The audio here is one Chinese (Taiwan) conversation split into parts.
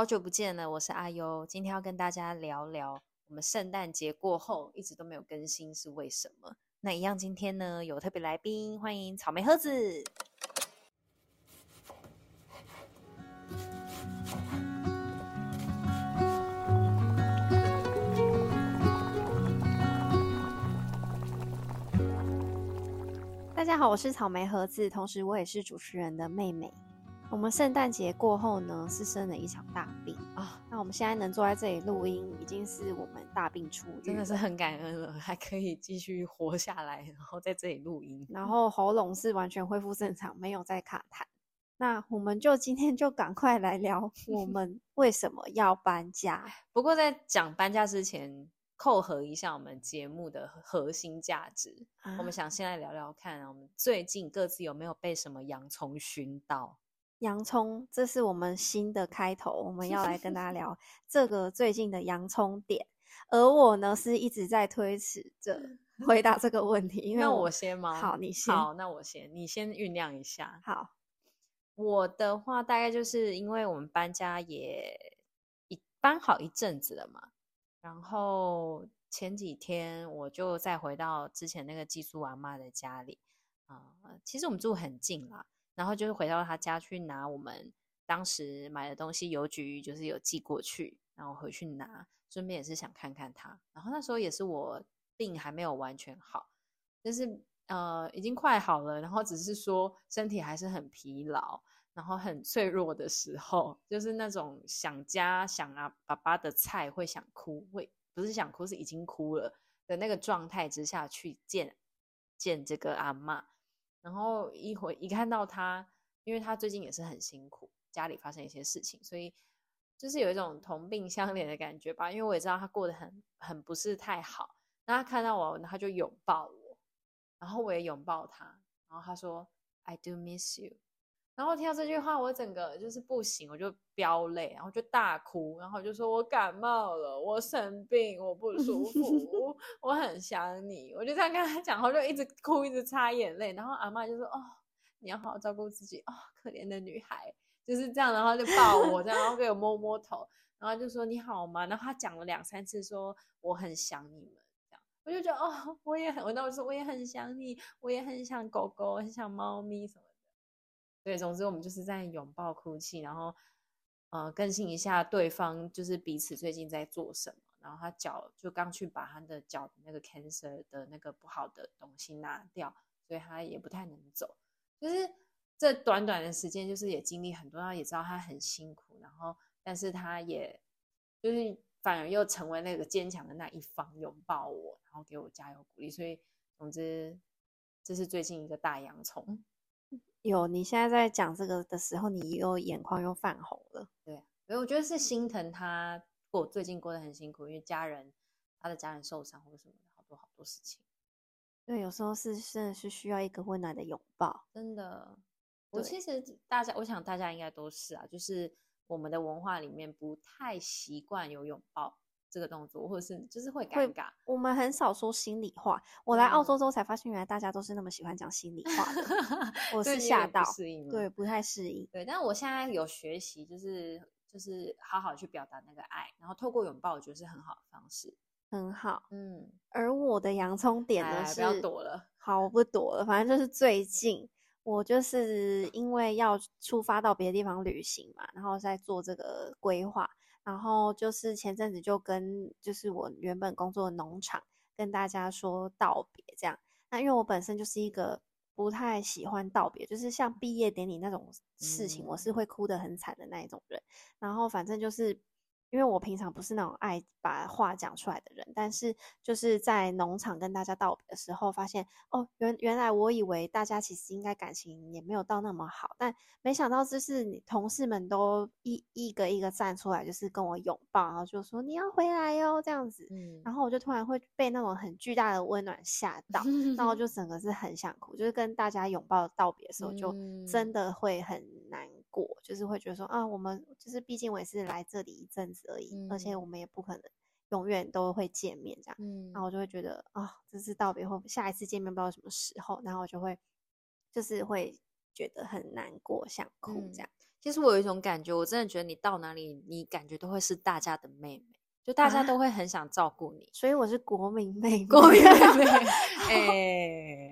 好久不見了，我是阿尤。今天要跟大家聊聊我們聖誕節過後一直都沒有更新是為什麼？那一樣，今天呢，有特別來賓，歡迎草莓河子。大家好，我是草莓河子，同時我也是主持人的妹妹。我們聖誕節過後呢，是生了一場大病啊。那我們現在能坐在這裡錄音，嗯、已經是我們大病出真的是很感恩了，還可以繼續活下來，然後在這裡錄音。然後喉嚨是完全恢復正常，沒有再卡痰。 那我們就今天就趕快來聊，我們為什麼要搬家？ 不過在講搬家之前，扣合一下我們節目的核心價值。嗯、我們想先來聊聊看，我們最近各自有沒有被什麼洋蔥熏到？洋蔥，這是我們新的開頭。我們要來跟大家聊是是是是這個最近的洋蔥點。而我呢，是一直在推遲着回答這個問題，因為我，那我先忙。好，你先。好，那我先。你先醞釀一下。好，我的話大概就是因為我們搬家也搬好一陣子了嘛，然後前幾天我就再回到之前那個寄宿阿嬤的家裡啊、嗯。其實我們住很近啦。然後就是回到他家去拿我們當時買的東西，郵局就是有寄過去，然後回去拿，順便也是想看看他。然後那時候也是我病還沒有完全好，但、就是呃已經快好了，然後只是說身體還是很疲勞，然後很脆弱的時候，就是那種想家想啊爸爸的菜會想哭，會不是想哭是已經哭了的那個狀態之下去見見這個阿嬤。然後一回一看到他，因為他最近也是很辛苦，家裡發生一些事情，所以就是有一種同病相憐的感覺吧。因為我也知道他過得很很不是太好，那他看到我，他就擁抱我，然後我也擁抱他，然後他說：“I do miss you。”然後聽到這句話，我整個就是不行，我就飆淚，然後就大哭，然後就說我感冒了，我生病，我不舒服，我很想你，我就這樣跟他講，然後就一直哭，一直擦眼淚，然後阿媽就說哦，你要好好照顧自己哦，可憐的女孩，就是這樣，然後就抱我，這樣，然後給我摸摸頭，然後就說你好嗎？然後他講了兩三次說我很想你們，這樣，我就覺得哦，我也很，我當時我也很想你，我也很想狗狗，很想貓咪什麼的。所以，總之，我們就是在擁抱、哭泣，然後，呃，更新一下對方，就是彼此最近在做什麼。然後他腳就剛去把他的腳的那個 cancer 的那個不好的東西拿掉，所以他也不太能走。就是這短短的時間，就是也經歷很多，他也知道他很辛苦。然後，但是他也就是反而又成為那個堅強的那一方，擁抱我，然後給我加油鼓勵。所以，總之，這是最近一個大洋蔥。有，你現在在講這個的時候，你又眼眶又泛紅了。對，因為我覺得是心疼他，過我最近過得很辛苦，因為家人，他的家人受傷或者什麼，好多好多事情。對，有時候是是，是需要一個溫暖的擁抱。真的，我其實大家，我想大家應該都是啊，就是我們的文化裡面不太習慣有擁抱。這個動作，或者是就是會尷尬。會，我們很少說心裡話，嗯。我來澳洲之後才發現，原來大家都是那麼喜歡講心裡話。 我是嚇到， 適應了。對，不太適應。對，但我現在有學習，就是就是好好去表達那個愛，然後透過擁抱，我覺得是很好的方式。很好，嗯。而我的洋蔥點呢是，是，不要躲了。好，我不躲了。反正就是最近，我就是因為要出發到別的地方旅行嘛，然後再做這個規劃。然後就是前陣子就跟就是我原本工作的農場跟大家說道別這樣，那因為我本身就是一個不太喜歡道別，就是像畢業典禮那種事情，嗯、我是會哭得很慘的那一種人。然後反正就是。因為我平常不是那種愛把話講出來的人，但是就是在農場跟大家道別的時候，發現，哦，原原來我以為大家其實應該感情也沒有到那麼好，但沒想到就是你同事們都一一個一個站出來，就是跟我擁抱，然後就說你要回來哦這樣子，嗯，然後我就突然會被那種很巨大的溫暖嚇到，然後就整個是很想哭，就是跟大家擁抱道別的時候，就真的會很難過就是會覺得說啊，我們就是畢竟我也是來這裡一陣子而已，嗯、而且我們也不可能永遠都會見面這樣。嗯，然後我就會覺得啊，這次道別後，下一次見面不知道什麼時候，然後我就會就是會覺得很難過，想哭這樣、嗯。其實我有一種感覺，我真的覺得你到哪裡，你感覺都會是大家的妹妹。就大家都會很想照顧你。啊，所以我是國民妹妹，國民妹妹，哎、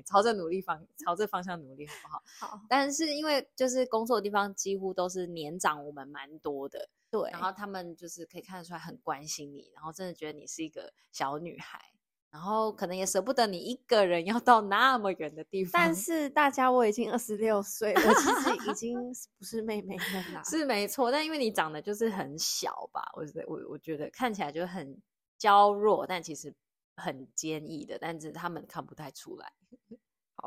欸，朝着努力方，朝着方向努力，好不好？好。但是因為就是工作的地方幾乎都是年長我們蠻多的，對。然後他們就是可以看得出來很關心你，然後真的覺得你是一個小女孩。然後可能也捨不得你一個人要到那麼遠的地方，但是大家，我已經二十六歲了，我 其實已經不是妹妹了啦， 是沒錯。但因為你長得就是很小吧，我我我覺得看起來就很嬌弱，但其實很堅毅的，但是他們看不太出來。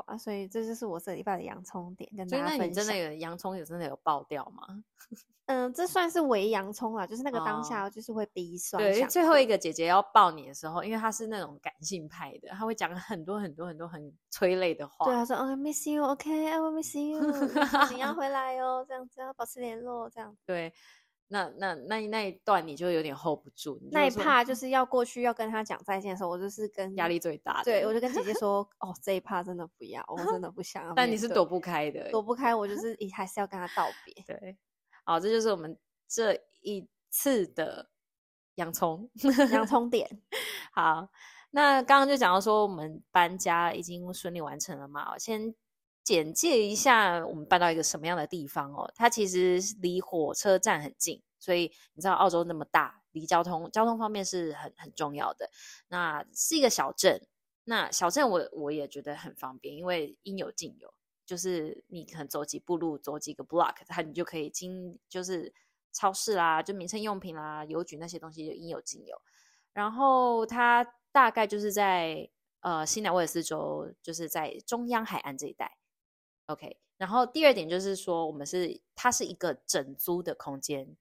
啊，所以這就是我這禮拜的洋蔥點，跟大家分享。所以那你真的有洋蔥，有真的有爆掉嗎？嗯，這算是微洋蔥啦，就是那個當下就是會鼻酸、哦、對，對，最後一個姐姐要抱你的時候，因為她是那種感性派的，她會講很多很多很多很催淚的話。對，她說 o、oh, miss you，OK，I、okay, will miss you， 你要回來哦，這樣子要保持聯絡，這樣對。”那那那那一段你就有點 hold 不住，那一趴就是要過去要跟他講再見的時候，我就是跟壓力最大的，對我就跟姐姐說， 哦這一趴真的不要，我真的不想要。但你是躲不開的，躲不開，我就是也還是要跟他道別。 對，好，這就是我們這一次的洋蔥 洋蔥點。好，那剛剛就講到說我們搬家已經順利完成了嘛，我先。簡介一下，我們搬到一個什麼樣的地方哦？它其實離火車站很近，所以你知道澳洲那麼大，離交通交通方面是很很重要的。那是一個小鎮，那小鎮我我也覺得很方便，因為應有盡有，就是你可能走幾步路，走幾個 block，它你就可以經就是超市啦，就民生用品啦、郵局那些東西就應有盡有。然後它大概就是在呃新南威爾斯州，就是在中央海岸這一帶。OK，然後第二點就是說，我們是它是一個整租的空間，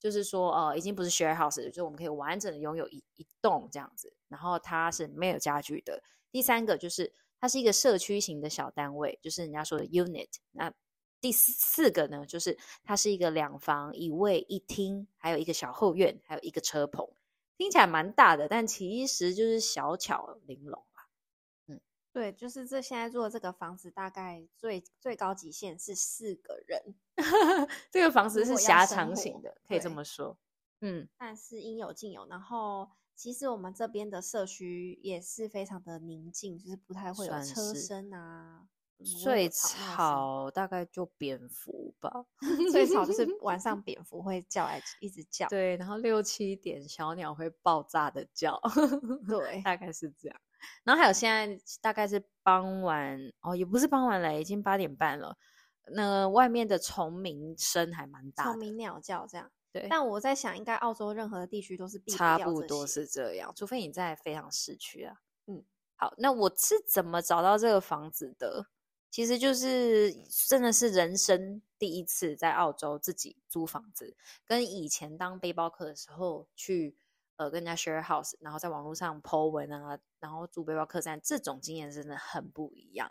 就是說，呃，已經不是 share house，就我們可以完整的擁有一一棟這樣子。然後它是沒有家具的。第三個就是它是一個社區型的小單位，就是人家說的 unit。那第四個呢，就是它是一個兩房一衛一廳，還有一個小後院，還有一個車棚。聽起來蠻大的，但其實就是小巧玲瓏。對，就是這現在住的這個房子，大概最最高極限是四個人。 這個房子是狹長型的，可以這麼說。嗯，但是應有盡有。然後，其實我們這邊的社區也是非常的寧靜，就是不太會有車聲啊。草最吵大概就蝙蝠吧。 最吵就是晚上蝙蝠會叫來一直叫。對，然後六七點小鳥會爆炸的叫。 對，大概是這樣。然後還有現在大概是傍晚、嗯、哦，也不是傍晚了，已經八點半了。那個、外面的蟲鳴聲還蠻大的，蟲鳴鳥叫這樣。對，但我在想，應該澳洲任何地區都是不差不多是這樣，除非你在非常市區啊。嗯，好，那我是怎麼找到這個房子的？其實就是真的是人生第一次在澳洲自己租房子，跟以前當背包客的時候去。呃，跟人家 share house，然後在網絡上 po 文啊，然後住背包客棧，這種經驗真的很不一樣。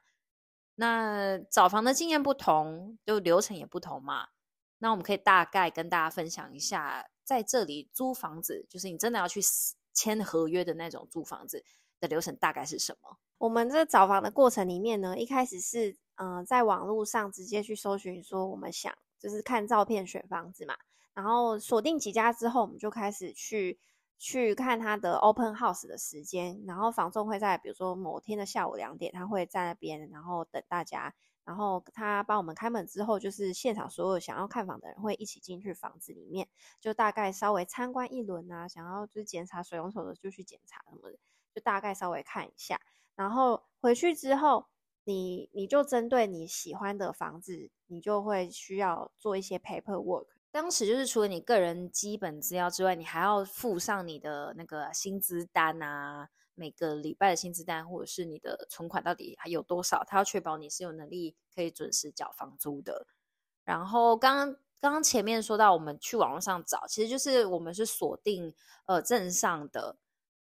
那找房的經驗不同，就流程也不同嘛。那我們可以大概跟大家分享一下，在這裡租房子，就是你真的要去簽合約的那種租房子的流程大概是什麼？我們這找房的過程裡面呢，一開始是嗯、呃，在網絡上直接去搜尋，說我們想就是看照片選房子嘛，然後鎖定幾家之後，我們就開始去。去看他的 open house 的時間，然後房仲會在比如說某天的下午兩點，他會在那邊，然後等大家，然後他幫我們開門之後，就是現場所有想要看房的人會一起進去房子裡面，就大概稍微參觀一輪啊，想要就是檢查水龍頭的就去檢查什麼的，就大概稍微看一下，然後回去之後，你你就針對你喜歡的房子，你就會需要做一些 paperwork。當時就是除了你個人基本資料之外，你還要附上你的那個薪資單啊，每個禮拜的薪資單，或者是你的存款到底還有多少，他要確保你是有能力可以準時繳房租的。然後剛剛剛前面說到，我們去網絡上找，其實就是我們是鎖定呃鎮上的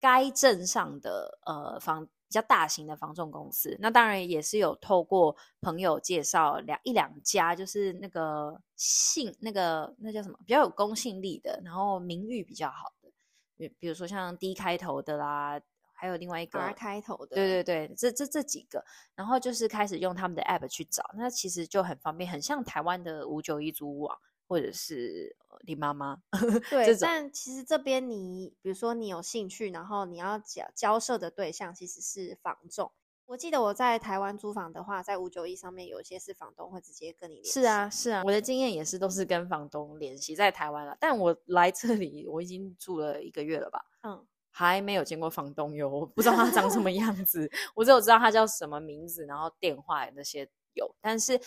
該鎮上的呃房。比較大型的房仲公司，那當然也是有透過朋友介紹兩一兩家，就是那個信那個那叫什麼比較有公信力的，然後名譽比較好的，比比如說像 D 開頭的啦，還有另外一個 R 開頭的，對對對，這這這幾個，然後就是開始用他們的 app 去找，那其實就很方便，很像台灣的五九一租網。或者是你媽媽，呵呵對，但其實這邊你，比如說你有興趣，然後你要交交涉的對象其實是房仲。我記得我在台灣租房的話，在五九一上面有一些是房東會直接跟你聯繫。是啊，是啊，我的經驗也是都是跟房東聯繫，嗯、在台灣了。但我來這裡我已經住了一個月了吧？嗯，還沒有見過房東喲，我不知道他長什麼樣子， 我只有知道他叫什麼名字，然後電話那些有，但是。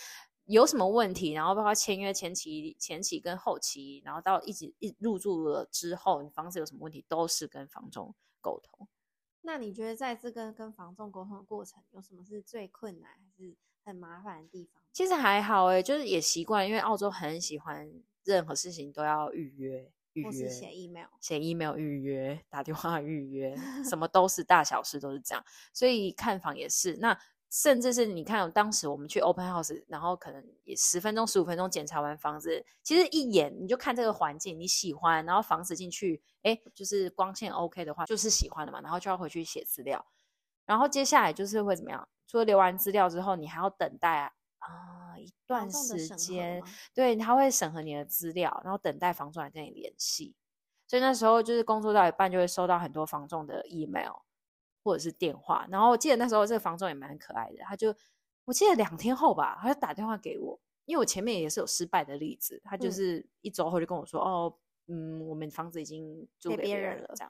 有什麼問題，然後包括簽約前期、前期跟後期，然後到一直一入住了之後，你房子有什麼問題，都是跟房仲溝通。那你覺得在這個跟房仲溝通的過程，有什麼是最困難還是很麻煩的地方？其實還好哎、欸，就是也習慣，因為澳洲很喜歡任何事情都要預約，預約或是寫 email，寫 email 預約，打電話預約，什麼都是大小事都是這樣， 所以看房也是那。甚至是你看，當時我們去 open house，然後可能也十分鐘、十五分鐘檢查完房子，其實一眼你就看這個環境，你喜歡，然後房子進去，哎，就是光線 OK 的話，就是喜歡的嘛，然後就要回去寫資料。然後接下來就是會怎麼樣？除了留完資料之後，你還要等待啊、呃、一段時間，對，他會審核你的資料，然後等待房仲來跟你聯繫。所以那時候就是工作到一半，就會收到很多房仲的 email。或者是電話，然後我記得那時候這個房東也蠻可愛的，他就我記得兩天後吧，他就打電話給我，因為我前面也是有失敗的例子，他就是一周後就跟我說：“嗯、哦，嗯，我們房子已經租給別人了，人了”這樣，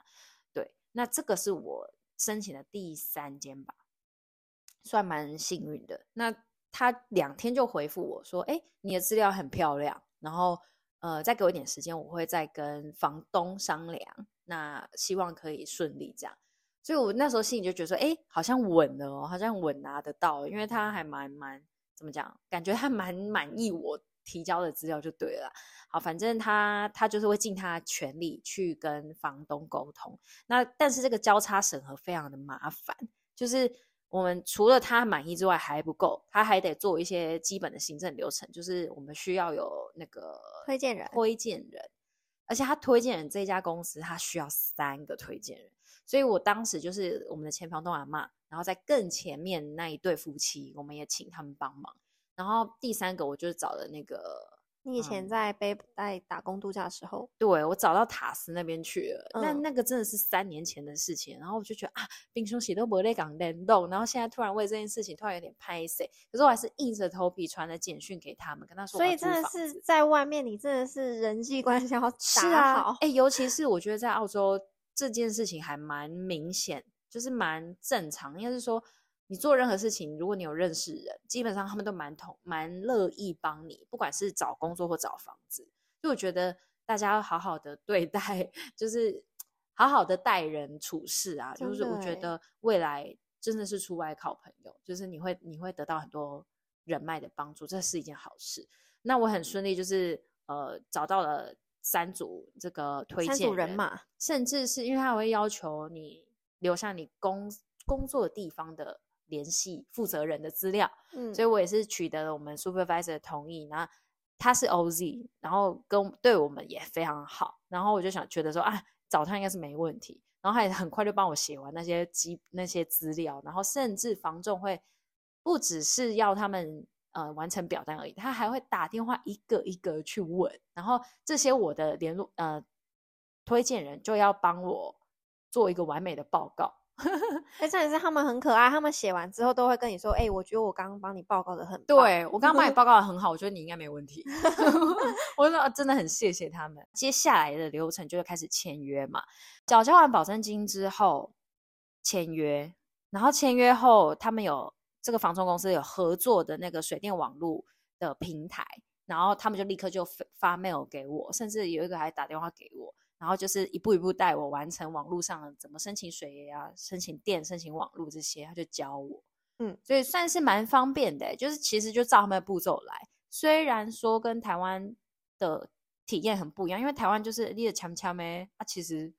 對，那這個是我申請的第三間吧，算蠻幸運的。那他兩天就回復我說：“哎，你的資料很漂亮，然後呃，再給我一點時間，我會再跟房東商量，那希望可以順利這樣。”所以，我那時候心裡就覺得說，哎、欸，好像穩了哦，好像穩拿得到，因為他還蠻蠻，怎麼講，感覺他蠻滿意我提交的資料就對了。好，反正他他就是會盡他的全力去跟房東溝通。那但是這個交叉審核非常的麻煩，就是我們除了他滿意之外還不夠，他還得做一些基本的行政流程，就是我們需要有那個推薦人，推薦人，而且他推薦人這家公司，他需要三個推薦人。所以我當時就是我們的前房東阿嬤，然後在更前面那一對夫妻，我們也請他們幫忙。然後第三個，我就是找的那個，你以前在北、嗯、在打工度假的時候，對，我找到塔斯那邊去了。那、嗯、那個真的是三年前的事情，然後我就覺得啊，平時都沒在跟他聯絡，然後現在突然為這件事情突然有點拍謝，可是我還是硬着頭皮傳了簡訊給他們，跟他說。所以真的是在外面，你真的是人際關係要打好，哎、啊，欸，尤其是我覺得在澳洲。 這件事情還蠻明顯，就是蠻正常。應該是說，你做任何事情，如果你有認識人，基本上他們都蠻同蠻樂意幫你，不管是找工作或找房子。所以我覺得大家要好好的對待，就是好好的待人處事啊。就是我覺得未來真的是出外靠朋友，就是你會你會得到很多人脈的幫助，這是一件好事。那我很順利，就是呃找到了。三組這個推薦人嘛，甚至是因為他會要求你留下你工工作地方的聯繫負責人的資料，嗯，所以我也是取得了我們 supervisor 的同意，然後他是 OZ，然後跟對我們也非常好，然後我就想覺得說啊，找他應該是沒問題，然後他也很快就幫我寫完那些資那些資料，然後甚至房仲會不只是要他們。呃，完成表單而已。他還會打電話一個一個去問，然後這些我的聯絡呃推薦人就要幫我做一個完美的報告。哎、 欸，真的是他們很可愛，他們寫完之後都會跟你說：“哎、欸，我覺得我剛剛幫你報告的很……”對，我剛剛幫你報告的很好， 我覺得你應該沒問題。 我說真的很謝謝他們。接下來的流程就是開始簽約嘛，繳交完保證金之後簽約，然後簽約後他們有。這個房仲公司有合作的那個水電網絡的平台，然後他們就立刻就發 mail 給我，甚至有一個還打電話給我，然後就是一步一步帶我完成網絡上怎麼申請水啊、申請電、申請網絡這些，他就教我。嗯，所以算是蠻方便的欸，就是其實就照他們的步驟來，雖然說跟台灣的體驗很不一樣，因為台灣就是你簽簽的強強咩，啊其實。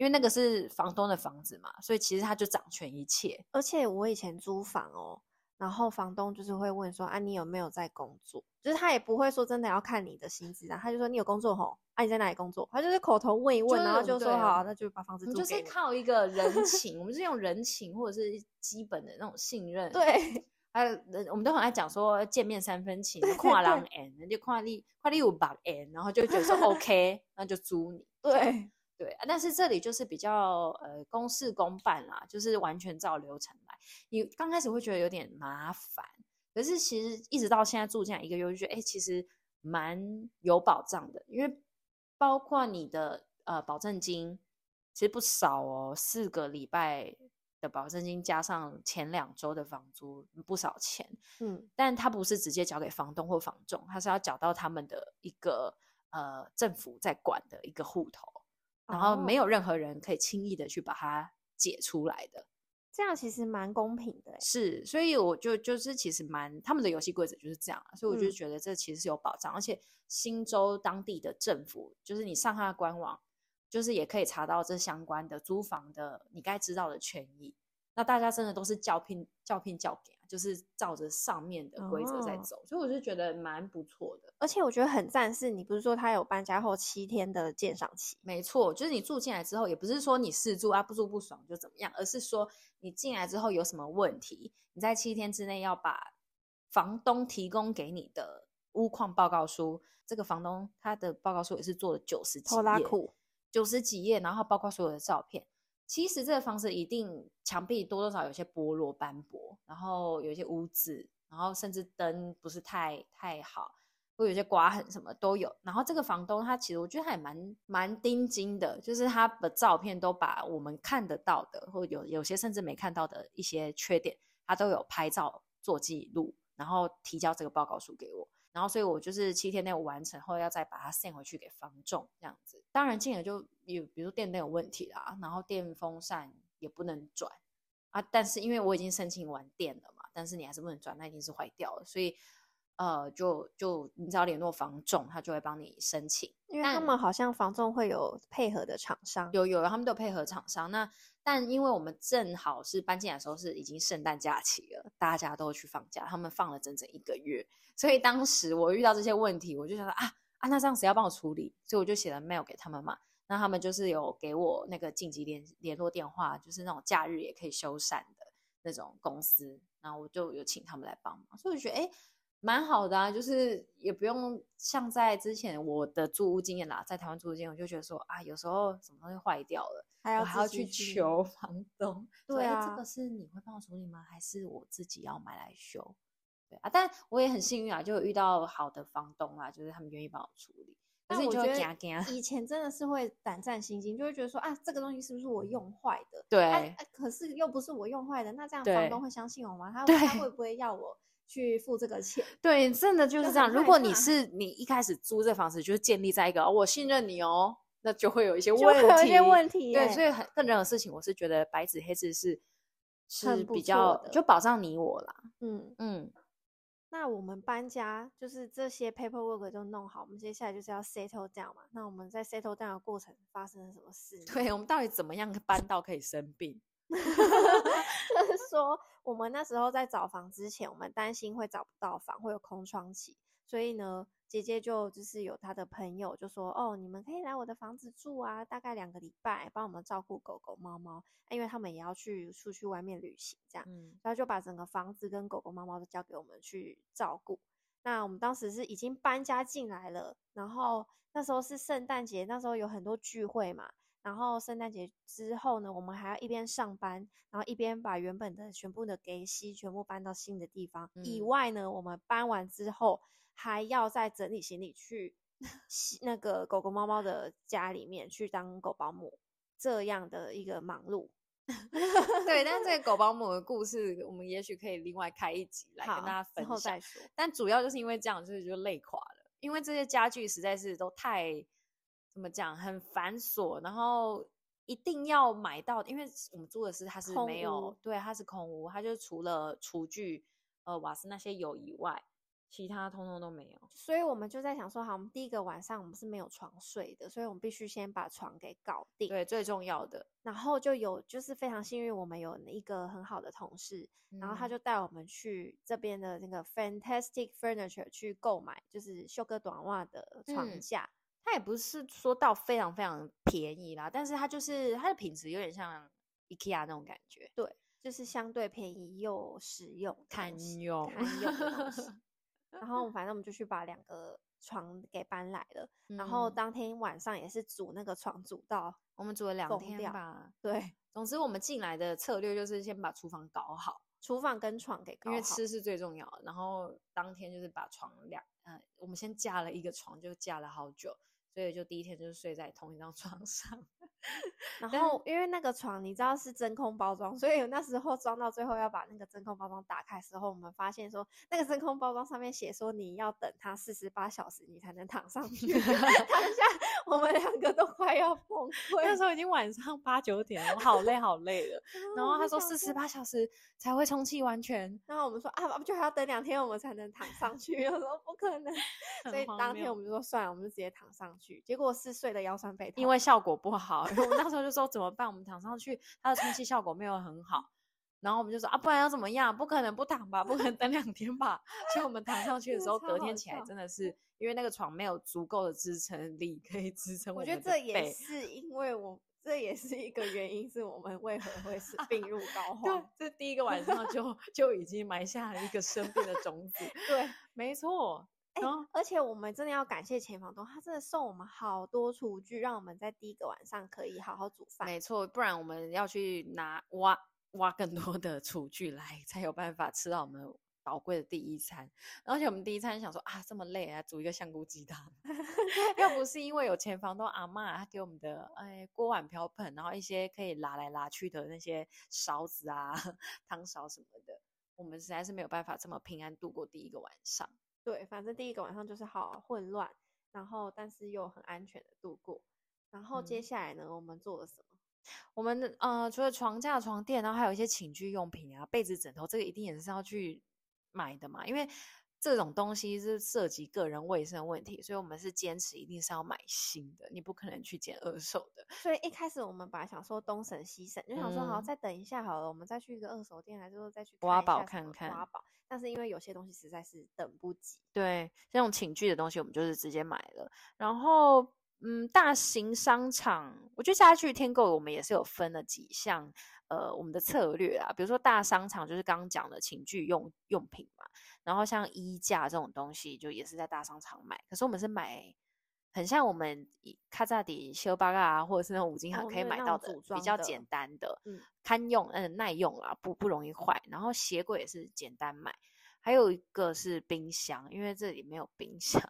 因為那個是房東的房子嘛，所以其實他就掌權一切。而且我以前租房哦、喔，然後房東就是會問說：“啊，你有沒有在工作？”就是他也不會說真的要看你的薪資，然後他就說：“你有工作吼，啊，你在哪裡工作？”他就是口頭問一問，然後就說：“好、啊，那就把房子租給你，就是靠一個人情， 我們是用人情或者是基本的那種信任。對，還有人，我們都很愛講說見面三分情，跨兩 n，人就跨力跨力五百 n，然後就覺得說 OK，那 就租你對。對”對，但是這裡就是比較呃，公事公辦啦，就是完全照流程來。你剛開始會覺得有點麻煩，可是其實一直到現在住這樣一個月，就覺得哎、欸，其實蠻有保障的。因為包括你的呃，保證金其實不少哦，四個禮拜的保證金加上前兩周的房租不少錢。嗯，但它不是直接繳給房東或房仲，它是要繳到他們的一個呃，政府在管的一個戶頭。然後沒有任何人可以輕易的去把它解出來的，這樣其實蠻公平的。是，所以我就就是其實蠻他們的遊戲規則就是這樣，啊，所以我就覺得這其實是有保障，嗯，而且新州當地的政府，就是你上它的官網，就是也可以查到這相關的租房的你該知道的權益。那大家真的都是教片、教片、教給啊，就是照着上面的規則在走，oh. 所以我就覺得蠻不錯的。而且我覺得很讚，是你不是說他有搬家後七天的鑑賞期？沒錯，就是你住進來之後，也不是說你試住啊，不住不爽就怎麼樣，而是說你進來之後有什麼問題，你在七天之內要把房東提供給你的屋況報告書，這個房東他的報告書也是做了九十幾頁，拖拉庫，九十幾頁，然後包括所有的照片。其實這個房子一定牆壁多多少少有些剝落斑駁，然後有一些污漬，然後甚至燈不是太太好，會有些刮痕，什麼都有。然後這個房東他其實我覺得還蠻蠻頂真的，就是他的照片都把我們看得到的，或有有些甚至沒看到的一些缺點，他都有拍照做記錄，然後提交這個報告書給我。然後，所以我就是七天內完成，後要再把它送回去給房仲，這樣子。當然，進來就有，比如電燈有問題啦，然後電風扇也不能轉啊。但是因為我已經申請完電了嘛，但是你還是不能轉，那一定是壞掉了。所以，呃，就就你只要聯絡房仲，他就會幫你申請。因為他們好像房仲會有配合的廠商，有有，他們都有配合廠商。那。但因為我們正好是搬進來的時候是已經聖誕假期了，大家都去放假，他們放了整整一個月，所以當時我遇到這些問題，我就想說，啊啊，那這樣誰要幫我處理？所以我就寫了 mail 給他們嘛，那他們就是有給我那個緊急聯聯絡電話，就是那種假日也可以修繕的那種公司，然後我就有請他們來幫忙，所以我就覺得哎。欸蠻好的啊，就是也不用像在之前我的租屋經驗啦，在台灣租屋經驗，我就覺得說啊，有時候什麼東西壞掉了，還要，還要去求房東。對啊，欸，這個是你會幫我處理嗎？還是我自己要買來修？對啊，但我也很幸運啊，就遇到好的房東啦，就是他們願意幫我處理。但是你就會怕怕，我覺得以前真的是會膽戰心驚，就會覺得說啊，這個東西是不是我用壞的？對。啊，啊，可是又不是我用壞的，那這樣房東會相信我嗎？他他會不會要我？去付這個錢，對，真的就是這樣。如果你是你一開始租這房子，就是建立在一個、哦、我信任你哦，那就會有一些問題。就會有一些問題，對，所以很重要的事情，我是覺得白紙黑字是是比較就保障你我啦。嗯嗯。那我們搬家，就是這些 paperwork 就弄好，我們接下來就是要 settle down 嘛。那我們在 settle down 的過程發生了什麼事？對，我們到底怎麼樣搬到可以生病？ 說我們那時候在找房之前，我們擔心會找不到房，會有空窗期，所以呢，姐姐就就是有她的朋友就說，哦，你們可以來我的房子住啊，大概兩個禮拜，幫我們照顧狗狗貓貓。因為他們也要去出去外面旅行，這樣，嗯，然後就把整個房子跟狗狗貓貓都交給我們去照顧。那我們當時是已經搬家進來了，然後那時候是聖誕節，那時候有很多聚會嘛。然後聖誕節之後呢，我們還要一邊上班，然後一邊把原本的全部的給西全部搬到新的地方，嗯。以外呢，我們搬完之後還要再整理行李去那個狗狗貓貓的家裡面 去當狗保母，這樣的一個忙碌。 對，但這個狗保母的故事， 我們也許可以另外開一集來跟大家分享。之後再說。但主要就是因為這樣，就是就累垮了，因為這些家具實在是都太。怎麼講，很繁瑣，然後一定要買到，因為我們租的是它是沒有空屋，對，它是空屋，它就除了廚具、呃瓦斯那些有以外，其他通通都沒有。所以我們就在想說，好，我們第一個晚上我們是沒有床睡的，所以我們必須先把床給搞定。對，最重要的。然後就有就是非常幸運，我們有一個很好的同事，嗯、然後他就帶我們去這邊的那個 Fantastic Furniture 去購買，就是秀哥短襪的床架。嗯它也不是說到非常非常便宜啦，但是它就是它的品質有點像 IKEA 那種感覺，對，就是相對便宜又實用，堪用，堪用的東西 然後反正我們就去把兩個床給搬來了，嗯，然後當天晚上也是組那個床組到，我們組了兩天吧。對，總之我們進來的策略就是先把廚房搞好，廚房跟床給搞好，因為吃是最重要的。然後當天就是把床兩，呃、嗯，我們先架了一個床，就架了好久。所以就第一天就是睡在同一張床上。然後因為那個床你知道是真空包裝，所以那時候裝到最後要把那個真空包裝打開時候，我們發現說那個真空包裝上面寫說你要等它四十八小時你才能躺上去。 躺下我們兩個都快要崩潰，那時候已經晚上八九點，我好累好累了。 然後他說四十八小時才會充氣完全，然後我們說啊，就還要等兩天我們才能躺上去，我說不可能，所以當天我們就說算了，我們就直接躺上去，結果是睡的腰酸背痛，因為效果不好。 我們那時候就說怎麼辦？我們躺上去，它的充氣效果沒有很好，然後我們就說啊，不然要怎麼樣？不可能不躺吧？不可能等兩天吧？ 所以我們躺上去的時候，隔天起來真的是因為那個床沒有足夠的支撐力可以支撐。我覺得這也是因為我，這也是一個原因，是我們為何會是病入膏肓。 這第一個晚上就、就已經埋下了一個生病的種子。 對，沒錯。哎，oh. 而且我們真的要感謝前房東，他真的送我們好多廚具，讓我們在第一個晚上可以好好煮飯。沒錯，不然我們要去拿挖挖更多的廚具來，才有辦法吃到我們寶貴的第一餐。而且我們第一餐想說啊，這麼累啊，煮一個香菇雞湯， 要不是因為有前房東阿嬤她給我們的哎鍋碗瓢盆，然後一些可以拿來拿去的那些勺子啊、湯勺什麼的，我們實在是沒有辦法這麼平安度過第一個晚上。對，反正第一個晚上就是好混亂，然後但是又很安全的度過。然後接下來呢，我們做了什麼？我們呃，除了床架、床墊，然後還有一些寢具用品啊，被子、枕頭，這個一定也是要去買的嘛，因為。這種東西是涉及個人衛生問題，所以我們是堅持一定是要買新的，你不可能去撿二手的。所以一開始我們本來想說東省西省，就想說好、嗯、再等一下好了，我們再去一個二手店，還是說再去挖寶看看。挖寶，但是因為有些東西實在是等不及，對這種寢具的東西，我們就是直接買了，然後。嗯，大型商場，我覺得家具添購，我們也是有分了幾項，呃，我們的策略啊，比如說大商場就是剛剛講的寢具用用品嘛，然後像衣架這種東西，就也是在大商場買，可是我們是買很像我們卡扎迪西巴嘎或者是那種五金行、哦、可以買到的，組裝的，比較簡單的，嗯、堪用，嗯、呃，耐用啊，不不容易壞，然後鞋櫃也是簡單買，還有一個是冰箱，因為這裡沒有冰箱。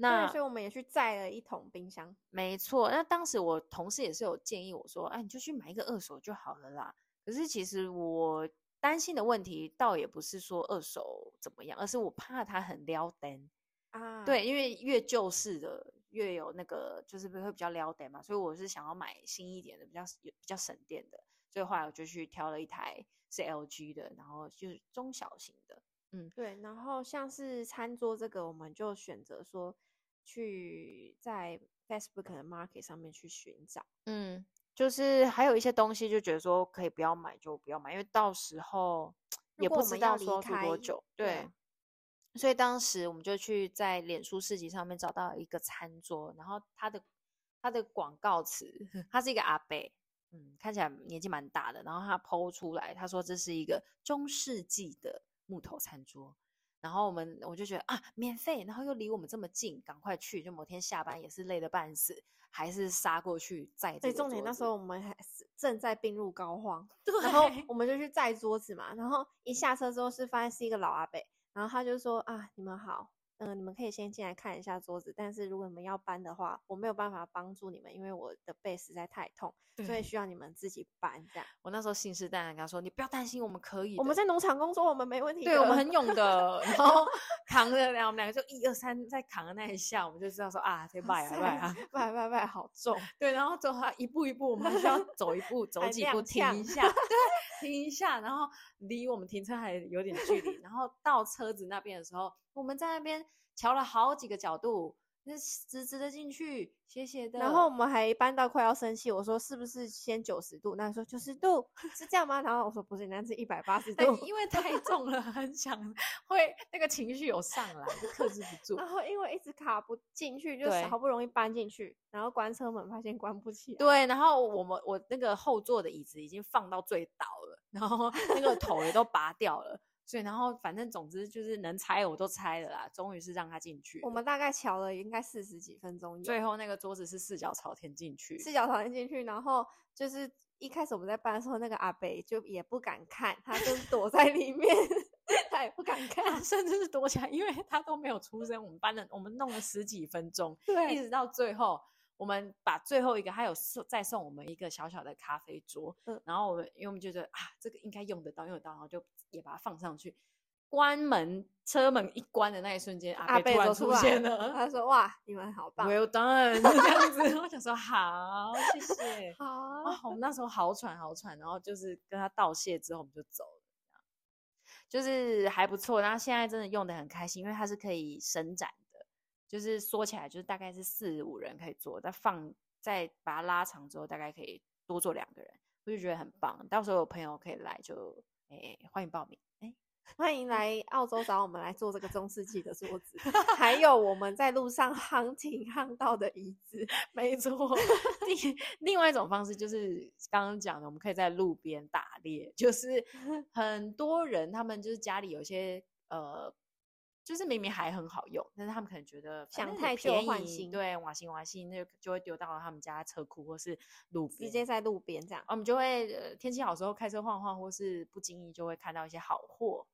那,那所以我們也去載了一桶冰箱，沒錯。那當時我同事也是有建議我說，哎、啊，你就去買一個二手就好了啦。可是其實我擔心的問題倒也不是說二手怎麼樣，而是我怕它很了電啊。對，因為越舊式的越有那個就是會比較了電嘛，所以我是想要買新一點的，比較有比較省電的。所以後來我就去挑了一台是 LG 的，然後就是中小型的，嗯，對。然後像是餐桌這個，我們就選擇說。去在 Facebook 的 Market 上面去尋找，嗯，就是還有一些東西就覺得說可以不要買就不要買，因為到時候也不知道說多久，對，對啊。所以當時我們就去在臉書市集上面找到一個餐桌，然後他的他的廣告詞，他是一個阿伯，嗯，看起來年紀蠻大的，然後他 po 出來，他說這是一個中世紀的木頭餐桌。然後我們我就覺得啊，免費，然後又離我們這麼近，趕快去。就某天下班也是累得半死，還是殺過去載這桌子。對，重點那時候我們還正在病入膏肓，對，然後我們就去載桌子嘛。然後一下車之後是發現是一個老阿伯，然後他就說啊，你們好。嗯、呃，你們可以先進來看一下桌子，但是如果你們要搬的話，我沒有辦法幫助你們，因為我的背實在太痛，所以需要你們自己搬。這樣，我那時候信誓旦旦跟他說：“你不要擔心，我們可以。”我們在農場工作，我們沒問題。對，我們很勇的。 然後扛着，然 後我們兩個就一二三，在扛的那一下， 我們就知道說啊，太拜了拜啊，拜拜拜，好重。對，然後走的話，一步一步，我們需要走一步， 走幾步， 停一下， 對，停一下。然後離我們停車還有點距離， 然後到車子那邊的時候。我們在那邊瞧了好幾個角度，那直直的進去，斜斜的。然後我們還搬到快要生氣，我說是不是先九十度？那個、說九十度是這樣嗎？ 然後我說不是，那是一百八十度、欸。因為太重了， 很想會那個情緒有上來，克制不住。 然後因為一直卡不進去，就是好不容易搬進去，然後關車門發現關不起。對，然後我們我那個後座的椅子已經放到最倒了，然後那個頭也都拔掉了。 所以，然後反正總之就是能拆我都拆了啦。終於是讓他進去。我們大概瞧了應該四十幾分鐘，最後那個桌子是四腳朝天進去。四腳朝天進去，然後就是一開始我們在搬的時候，那個阿伯就也不敢看，他就是躲在裡面， 他也不敢看，甚至是躲起來，因為他都沒有出聲。我們搬了，我們弄了十幾分鐘，對，一直到最後。我們把最後一個，他有送再送我們一個小小的咖啡桌，嗯，然後我們因為我們覺得啊，這個應該用得到，用得到，然後就也把它放上去。關門，車門一關的那一瞬間，阿伯都出現了出來，他說：“哇，你們好棒！” Well done，是這樣子。 我想說好，謝謝，好、啊啊、我們那時候好喘，好喘，然後就是跟他道謝之後，我們就走了，就是還不錯。然後現在真的用得很開心，因為它是可以伸展。就是說起來，就是大概是四五人可以坐，再放再把它拉長之後，大概可以多坐兩個人，我就覺得很棒。到時候有朋友可以來就，就哎歡迎報名，哎歡迎來澳洲找我們來做這個中世紀的桌子， 還有我們在路上行停行道的椅子， 沒錯。第，另外一種方式就是剛剛講的，我們可以在路邊打獵，就是很多人他們就是家裡有些呃。就是明明還很好用，但是他們可能覺得想汰舊換新，對，瓦新瓦新，那就會丟到了他們家車庫或是路邊，直接在路邊這樣，我、哦、們就會、呃、天氣好時候開車晃晃，或是不經意就會看到一些好貨。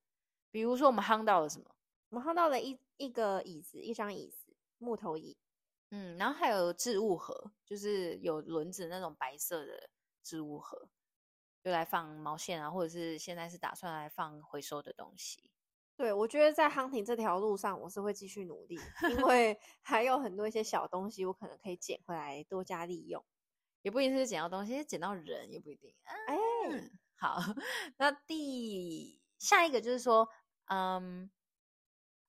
比如說我們夯到了什麼？我們夯到了一一個椅子，一張椅子，木頭椅，嗯，然後還有置物盒，就是有輪子那種白色的置物盒，就來放毛線啊，或者是現在是打算來放回收的東西。對，我覺得在 Hunting 這條路上，我是會繼續努力，因為還有很多一些小東西，我可能可以撿回來多加利用， 也不一定是撿到東西，撿到人也不一定。哎、啊欸，好，那第下一個就是說，嗯，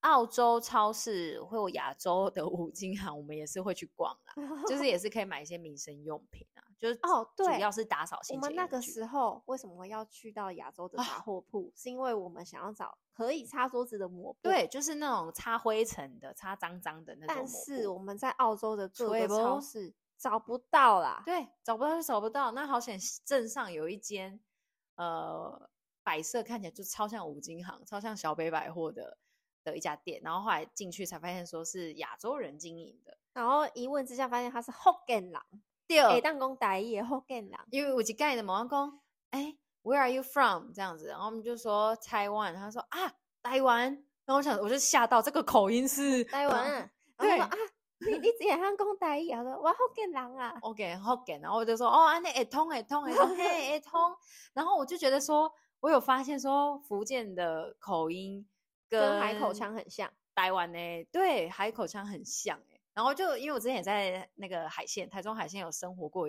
澳洲超市會有亞洲的五金行，我們也是會去逛啊，哦、就是也是可以買一些民生用品啊，就是哦，對，主要是打掃、哦、我們那個時候為什麼要去到亞洲的雜貨鋪、哦？是因為我們想要找。可以擦桌子的抹布，對，就是那種擦灰塵的、擦髒髒的那種。但是我們在澳洲的各個超市找不到啦。對，找不到就找不到。那好險，鎮上有一間呃，擺設看起來就超像五金行，超像小北百貨的的一家店。然後後來進去才發現，說是亞洲人經營的。然後一問之下，發現他是福建人，對，能說台語的福建人。因為我是蓋的毛工，哎、欸。Where are you from？這樣子，然後我們就說 Taiwan 他說，啊 Taiwan 然後我想我就嚇到，這個口音是 Taiwan 然後，然後說啊，你你這樣講台語，我說哇，福建人啊，OK 福建，然後我就說哦，安內也通也通也通也 通，然後我就覺得說，我有發現說福建的口音跟，跟海口腔很像，台灣呢，對，海口腔很像，欸。然後就因為我之前也在那個海線，台中海線有生活過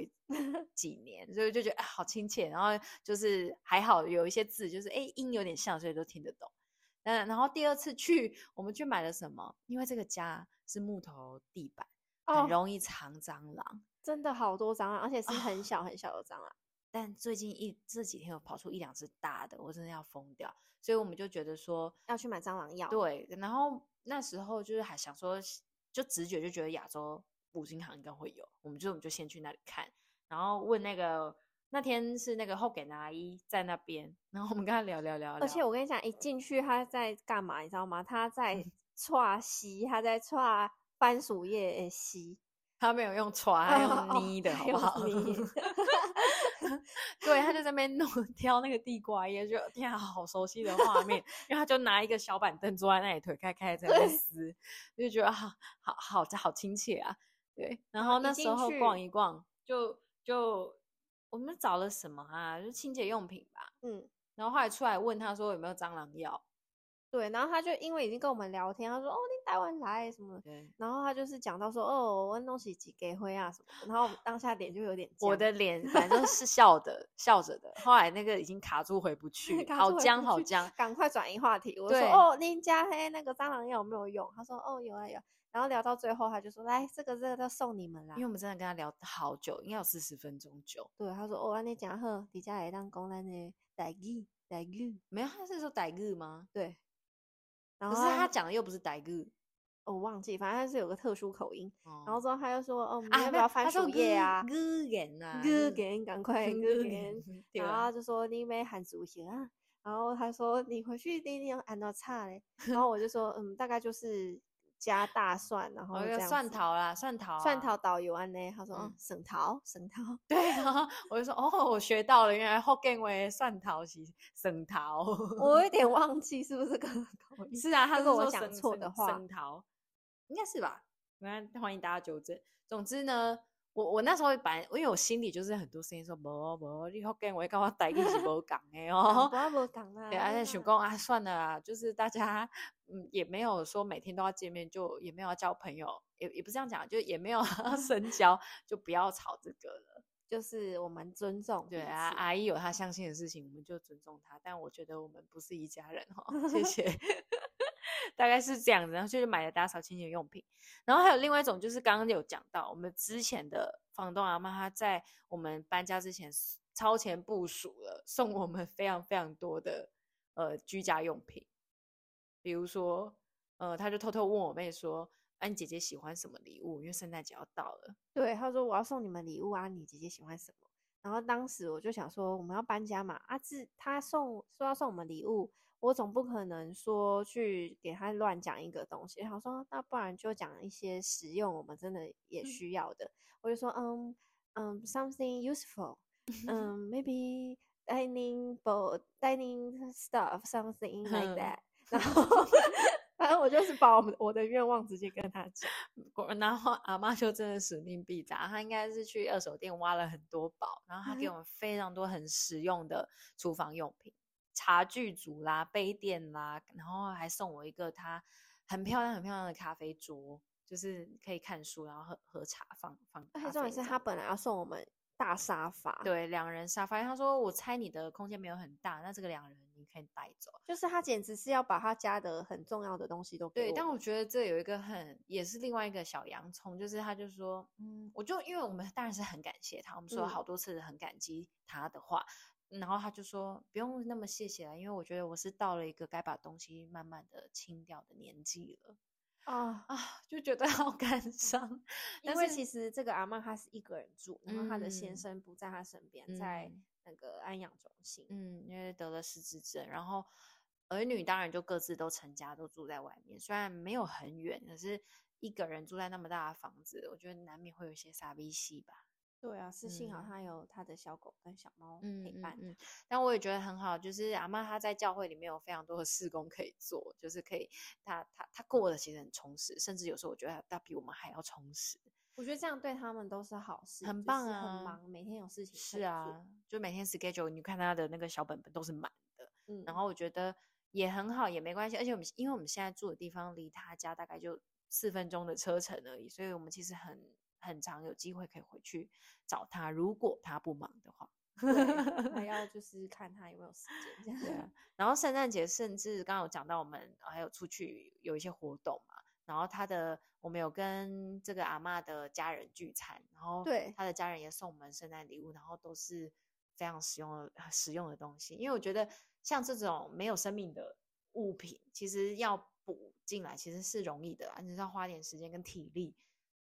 幾年， 所以就覺得、哎、好親切。然後就是還好有一些字，就是哎，音有點像，所以都聽得懂。嗯，然後第二次去，我們去買了什麼？因為這個家是木頭地板，哦、很容易藏蟑螂，真的好多蟑螂，而且是，是很小很小的蟑螂。哦、但最近一這幾天有跑出一兩只大的，我真的要瘋掉。所以我們就覺得說要去買蟑螂藥。對，然後那時候就是還想說。就直覺就覺得亞洲五金行應該會有，我們就我們就先去那裡看，然後問那個那天是那個後給的阿姨在那邊，然後我們跟他聊聊聊、聊。而且我跟你講，一進去他在幹嘛，你知道嗎？他在刷洗，他在刷番薯葉洗，欸，他沒有用刷，他用捏的好不好？哦哦 對，他就在那邊弄挑那個地瓜葉，就天啊，好熟悉的畫面。然 後他就拿一個小板凳坐在那裡腿，腿開開在那撕，就覺得好好好，好親切啊。對，然後那時候逛一逛，就就我們找了什麼啊，就清潔用品吧。嗯，然後後來出來問他說有沒有蟑螂藥。對，然後他就因為已經跟我們聊天，他說哦，你帶我來什麼？對，然後他就是講到說哦，我東西寄給輝啊什麼的？然後我們當下臉就有點，我的臉反正是笑的，， 笑着的。後來那個已經卡住回不去，哎、不去好僵好僵趕。趕快轉移話題，我說哦，你家那個蟑螂藥有沒有用？他說哦，有啊有。然後聊到最後，他就說來這個這個都要送你們啦，因為我們真的跟他聊好久，應該有四十分鐘久。對，他說哦，那、啊、你講好，你家來當公仔的仔日仔日，沒有，他是說仔日嗎？對。可是他講的又不是歹古，哦，我忘記，反正他是有個特殊口音。嗯、然後之後他又說：“哦，你要不要番薯葉啊？”哥言吶，哥言，趕快哥言。啊，說啊就說你沒喊主席啊。然後他說：“你回去一定要按照查嘞。” 然後我就說：“嗯，大概就是。”加大蒜，然後這、哦、蒜頭啦，蒜頭、啊，蒜頭導遊安呢？他說省、嗯、頭，省頭，對啊，我就說哦，我學到了，原來福建話的蒜頭是省頭。我有點忘記是不是個，是啊，他說我想錯的話，省頭，應該是吧？歡迎大家糾正。總之呢。我我那時候反，因為我心裡就是很多聲音說，不不你福建，我跟我台語是不講的哦，無 啊無講啦。對，啊、在想說啊，算了啦，就是大家嗯也沒有說每天都要見面，就也沒有要交朋友，也也不是這樣講，就也沒有深交，就不要吵這個了。 就是我們尊重對，對啊，阿姨有她相信的事情， 我們就尊重她。但我覺得我們不是一家人哦，謝謝。 大概是這樣子，然後就是買了打掃清潔用品，然後還有另外一種就是剛剛有講到，我們之前的房東阿媽她在我們搬家之前超前部署了，送我們非常非常多的呃居家用品，比如說呃，她就偷偷問我妹說，哎、啊，你姐姐喜歡什麼禮物？因為聖誕節要到了。對，她說我要送你們禮物啊，你姐姐喜歡什麼？然後當時我就想說，我們要搬家嘛，阿志她送說要送我們禮物。我總不可能說去給他亂講一個東西，然後說那不然就講一些實用我們真的也需要的。嗯、我就說嗯嗯、um, um,，something useful，嗯、um,，maybe dining bowl, dining stuff, something like that、嗯。然後反正 我就是把我我的願望直接跟他講，然後阿媽就真的使命必達，她應該是去二手店挖了很多寶，然後她給我們非常多很實用的廚房用品。茶具組啦，杯墊啦，然後還送我一個他很漂亮、很漂亮的咖啡桌，就是可以看書，然後喝喝茶，放放。重點是，他本來要送我們大沙發，對，兩人沙發。因為他說：“我猜你的空間沒有很大，那這個兩人你可以帶走。”就是他簡直是要把他家的很重要的東西都給。對，但我覺得這有一個很，也是另外一個小洋蔥，就是他就說：“嗯，我就因為我們當然是很感謝他，我們說了好多次很感激他的話。嗯”然後他就說不用那麼謝謝了，因為我覺得我是到了一個該把東西慢慢的清掉的年紀了，oh. 啊啊就覺得好感傷 但是，因為其實這個阿嬤，她是一個人住，然後她的先生不在她身邊，嗯嗯，在那個安養中心，嗯，因為得了失智症，然後兒女當然就各自都成家，都住在外面，雖然沒有很遠，可是一個人住在那麼大的房子，我覺得難免會有一些傻逼戲吧。對啊，是幸好他有他的小狗跟、嗯、小貓陪伴。嗯，嗯，嗯，但我也覺得很好，就是阿媽她在教會裡面有非常多的事工可以做，就是可以，他他他過得其實很充實，甚至有時候我覺得他比我們還要充實。我覺得這樣對他們都是好事，嗯就是、很，很棒啊，很忙，每天有事情。是啊，就每天 schedule，你看他的那個小本本都是滿的。嗯，然後我覺得也很好，也沒關係。而且我們因為我們現在住的地方離他家大概就四分鐘的車程而已，所以我們其實很很常有機會可以回去找他，如果他不忙的話，還 要就是看他有沒有時間。 對、啊。 然後聖誕節甚至剛剛有講到，我們還有出去有一些活動嘛。然後他的我們有跟這個阿嬤的家人聚餐，然後對，他的家人也送我們聖誕禮物，然後都是非常實用的實用的東西。因為我覺得像這種沒有生命的物品，其實要補進來其實是容易的，只、啊就是要花點時間跟體力。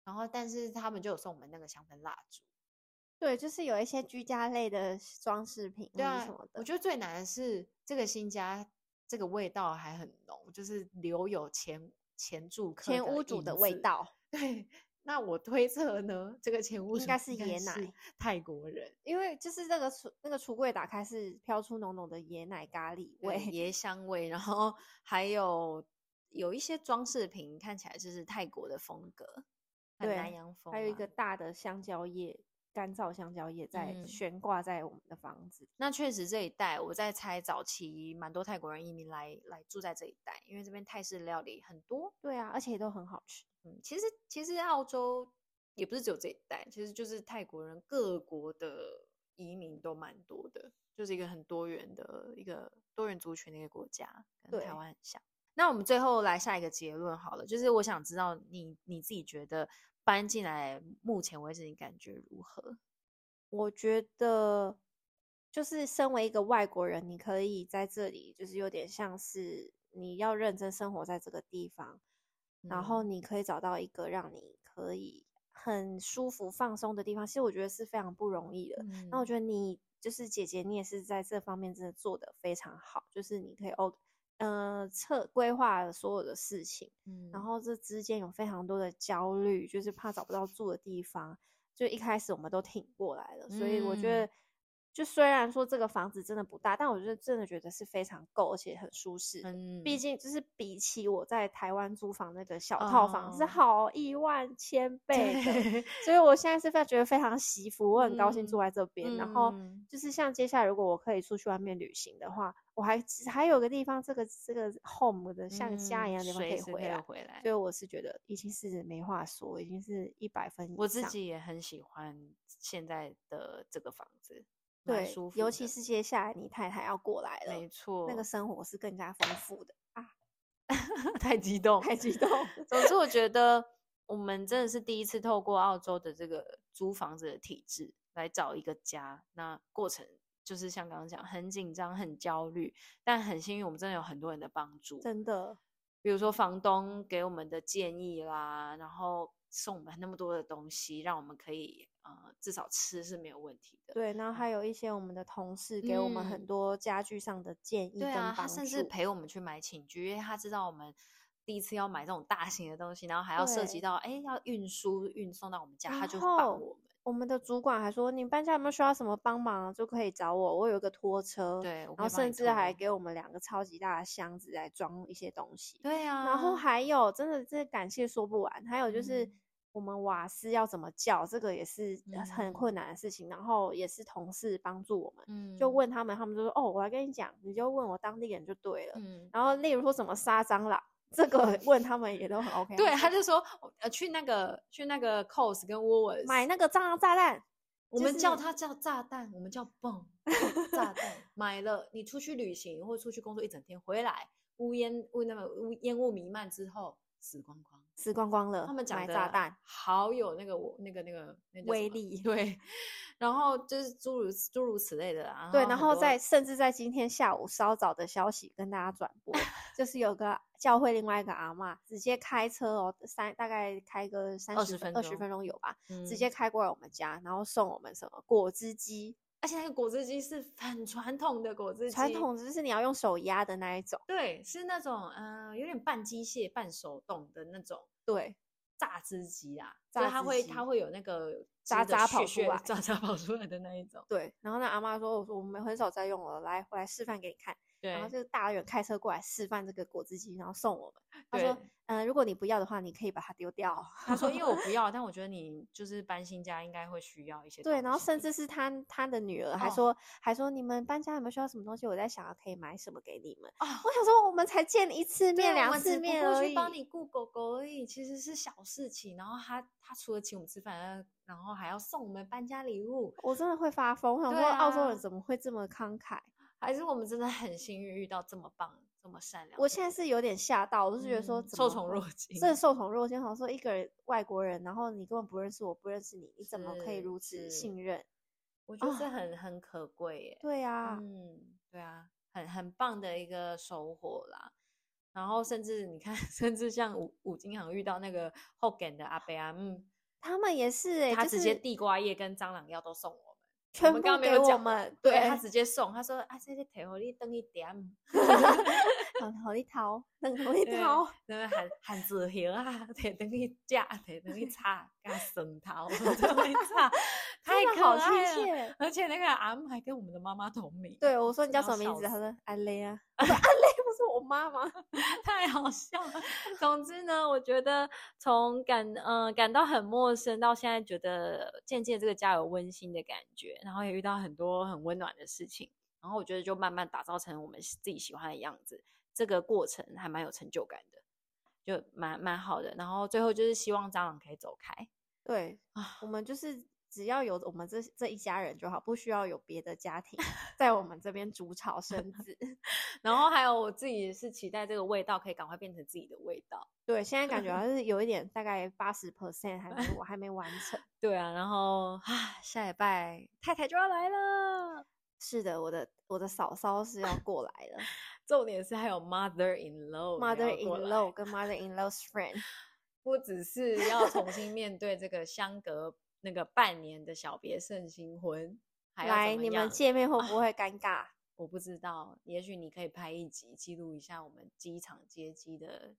然後，但是他們就有送我們那個香氛蠟燭，對，就是有一些居家類的裝飾品，對啊、什麼的。我覺得最難的是這個新家，這個味道還很濃，就是留有前前住客、前屋主的味道。對，那我推測呢，這個前屋主應該是椰奶是泰國人，因為就是這個那個廚那個櫥櫃打開是飄出濃濃的椰奶咖喱味、椰香味， 然後還有有一些裝飾品，看起來就是泰國的風格。南洋風啊，對，還有一個大的香蕉葉，乾燥香蕉葉在懸掛在我們的房子。嗯，那確實這一帶，我在猜早期蠻多泰國人移民來來住在這一帶，因為這邊泰式料理很多。對啊，而且也都很好吃。嗯，其實其實澳洲也不是只有這一帶，其實就是泰國人，各國的移民都蠻多的，就是一個很多元的一個多元族群的一個國家，跟台灣很像。那我們最後來下一個結論好了，就是我想知道你你自己覺得搬進來目前為止你感覺如何？我覺得就是身為一個外國人，你可以在這裡，就是有點像是你要認真生活在這個地方，嗯，然後你可以找到一個讓你可以很舒服放鬆的地方。其實我覺得是非常不容易的。嗯，那我覺得你就是姐姐，你也是在這方面真的做得非常好，就是你可以哦。呃，策規劃了所有的事情，嗯，然後這之間有非常多的焦慮，就是怕找不到住的地方，就一開始我們都挺過來了，嗯，所以我覺得。就雖然說這個房子真的不大，但我覺得真的覺得是非常夠，而且很舒適。嗯，畢竟就是比起我在台灣租房那個小套房，哦，是好一萬千倍 所以我現在是覺得非常惜福，我很高興住在這邊。嗯。然後就是像接下來如果我可以出去外面旅行的話，嗯，我還還有個地方，這個這個 home 的像家一樣的地方可以回來。嗯，回來，所以我是覺得已經是沒話說，已經是一百分。我自己也很喜歡現在的這個房子。對，尤其是接下來你太太要過來了，沒錯，那個生活是更加豐富的啊！ 太激動，太激動！總之，我覺得我們真的是第一次透過澳洲的這個租房子的體制來找一個家，那過程就是像剛剛講，很緊張、很焦慮，但很幸運我們真的有很多人的幫助，真的，比如說房東給我們的建議啦，然後送我們那麼多的東西，讓我們可以。呃、嗯，至少吃是沒有問題的。對，然後還有一些我們的同事給我們很多家具上的建議跟幫助、嗯，對啊，他甚至陪我們去買寢具，因為他知道我們第一次要買這種大型的東西，然後還要涉及到哎要運輸運送到我們家，他就幫我們。我們的主管還說，你搬家有沒有需要什麼幫忙，就可以找我，我有一個拖車，對，然後甚至還給我們兩個超級大的箱子來裝一些東西，對啊。然後還有真的這感謝說不完，還有就是。嗯我們瓦斯要怎麼叫，這個也是很困難的事情，嗯、然後也是同事幫助我們、嗯，就問他們，他們就說：“哦，我來跟你講，你就問我當地人就對了。嗯”然後例如說什麼殺蟑螂、嗯，這個問他們也都很 OK。 對，他就說：“呃、 那個，去那個去那個 Coles 跟 Woolies 買那個蟑螂炸彈。就是”我們叫他叫炸彈，我們叫蹦、就是。炸彈。買了，你出去旅行或出去工作一整天，回來烏煙烏那麼烏煙霧彌漫之後，死光光。吃光光了。他們講的、那個、買炸彈，好有那個那個那個那個威力。對，然後就是諸如諸如此類的啊。對，然後在甚至在今天下午稍早的消息跟大家轉播， 就是有個教會另外一個阿嬤，直接開車哦，三大概開個三十分二十分鐘有吧，直接開過來我們家，然後送我們什麼果汁機。而且那個果汁機是很傳統的果汁機，傳統就是你要用手壓的那一種。對，是那種嗯、呃，有點半機械半手動的那種。對，榨汁機啊，榨汁機，就是、它會它會有那個渣渣跑出來，渣渣跑出來的那一種。對，然後那阿媽說：“我說我們很少再用了，來，我來示範給你看。”對，然後就是大老遠開車過來示範這個果汁機，然後送我們。他說：“嗯、呃，如果你不要的話，你可以把它丟掉。哦”他說：“因為我不要， 但我覺得你就是搬新家應該會需要一些。”對，然後甚至是他他的女兒還說、哦：“還說你們搬家有沒有需要什麼東西？我在想要可以買什麼給你們。哦”我想說我們才見一次面兩次面，我過去幫你顧狗狗而已，其實是小事情。然後他他除了請我們吃飯，然後還要送我們搬家禮物。我真的會發瘋！我想說澳洲人怎麼會這麼慷慨？還是我們真的很幸運，遇到這麼棒、這麼善良。我現在是有點嚇到，我就是覺得說、嗯，受寵若驚。這受寵若驚，好像說一個人外國人，然後你根本不認識我，不認識你，你怎麼可以如此信任？我覺得這很、啊、很可貴耶、欸。對啊，嗯，對啊，很很棒的一個收穫啦。然後甚至你看，甚至像武武經常遇到那個 Hokkien 的阿伯阿、啊、嗯，他們也是哎、欸，他直接地瓜葉跟蟑螂藥都送我。全部沒有講嘛，對，對他直接送。他說：“啊，先去提我哩等一點，哈哈哈哈哈，等我哩掏，等我哩淘，那個漢漢子熊啊，提等你吃，提等你擦，加蒜頭，等你擦。太親切了。而且那個阿姆還跟我們的媽媽同名。對我說你叫什麼名字？他說阿雷啊，阿雷。”是我媽媽， 太好笑了。總之呢，我覺得從感嗯、呃、感到很陌生，到現在覺得漸漸這個家有溫馨的感覺，然後也遇到很多很溫暖的事情，然後我覺得就慢慢打造成我們自己喜歡的樣子，這個過程還蠻有成就感的，就蠻蠻好的。然後最後就是希望蟑螂可以走開。對啊，我們就是。只要有我們這這一家人就好，不需要有別的家庭在我們這邊煮炒生子。 然後還有我自己是期待這個味道可以趕快變成自己的味道。對，現在感覺還是有一點，大概八十 percent 還沒，我 還，還沒完成。對啊，然後啊，下禮拜太太就要來了。是的，我的我的嫂嫂是要過來了。 重點是還有 mother in law，mother in law 跟 mother in law's friend，不只是要重新面對這個相隔。 那個半年的小別勝新婚，來，你們見面會不會尷尬？ 我不知道，也許你可以拍一集，記錄一下我們機場接機的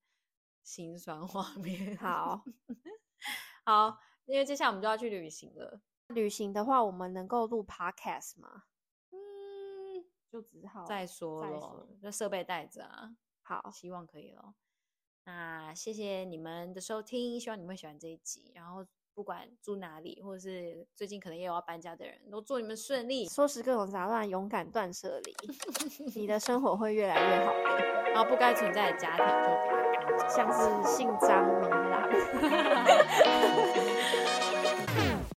辛酸畫面。好 好，因為接下來我們就要去旅行了。旅行的話，我們能夠錄 Podcast 嗎？嗯，就只好再說，再說，就設備帶着啊。好，希望可以了。那謝謝你們的收聽，希望你們會喜歡這一集，然後。不管住哪裡，或者是最近可能也有要搬家的人都祝你們順利，收拾各種雜亂，勇敢斷捨離， 你的生活會越來越好。 然後不該存在的家庭就像是姓張明朗。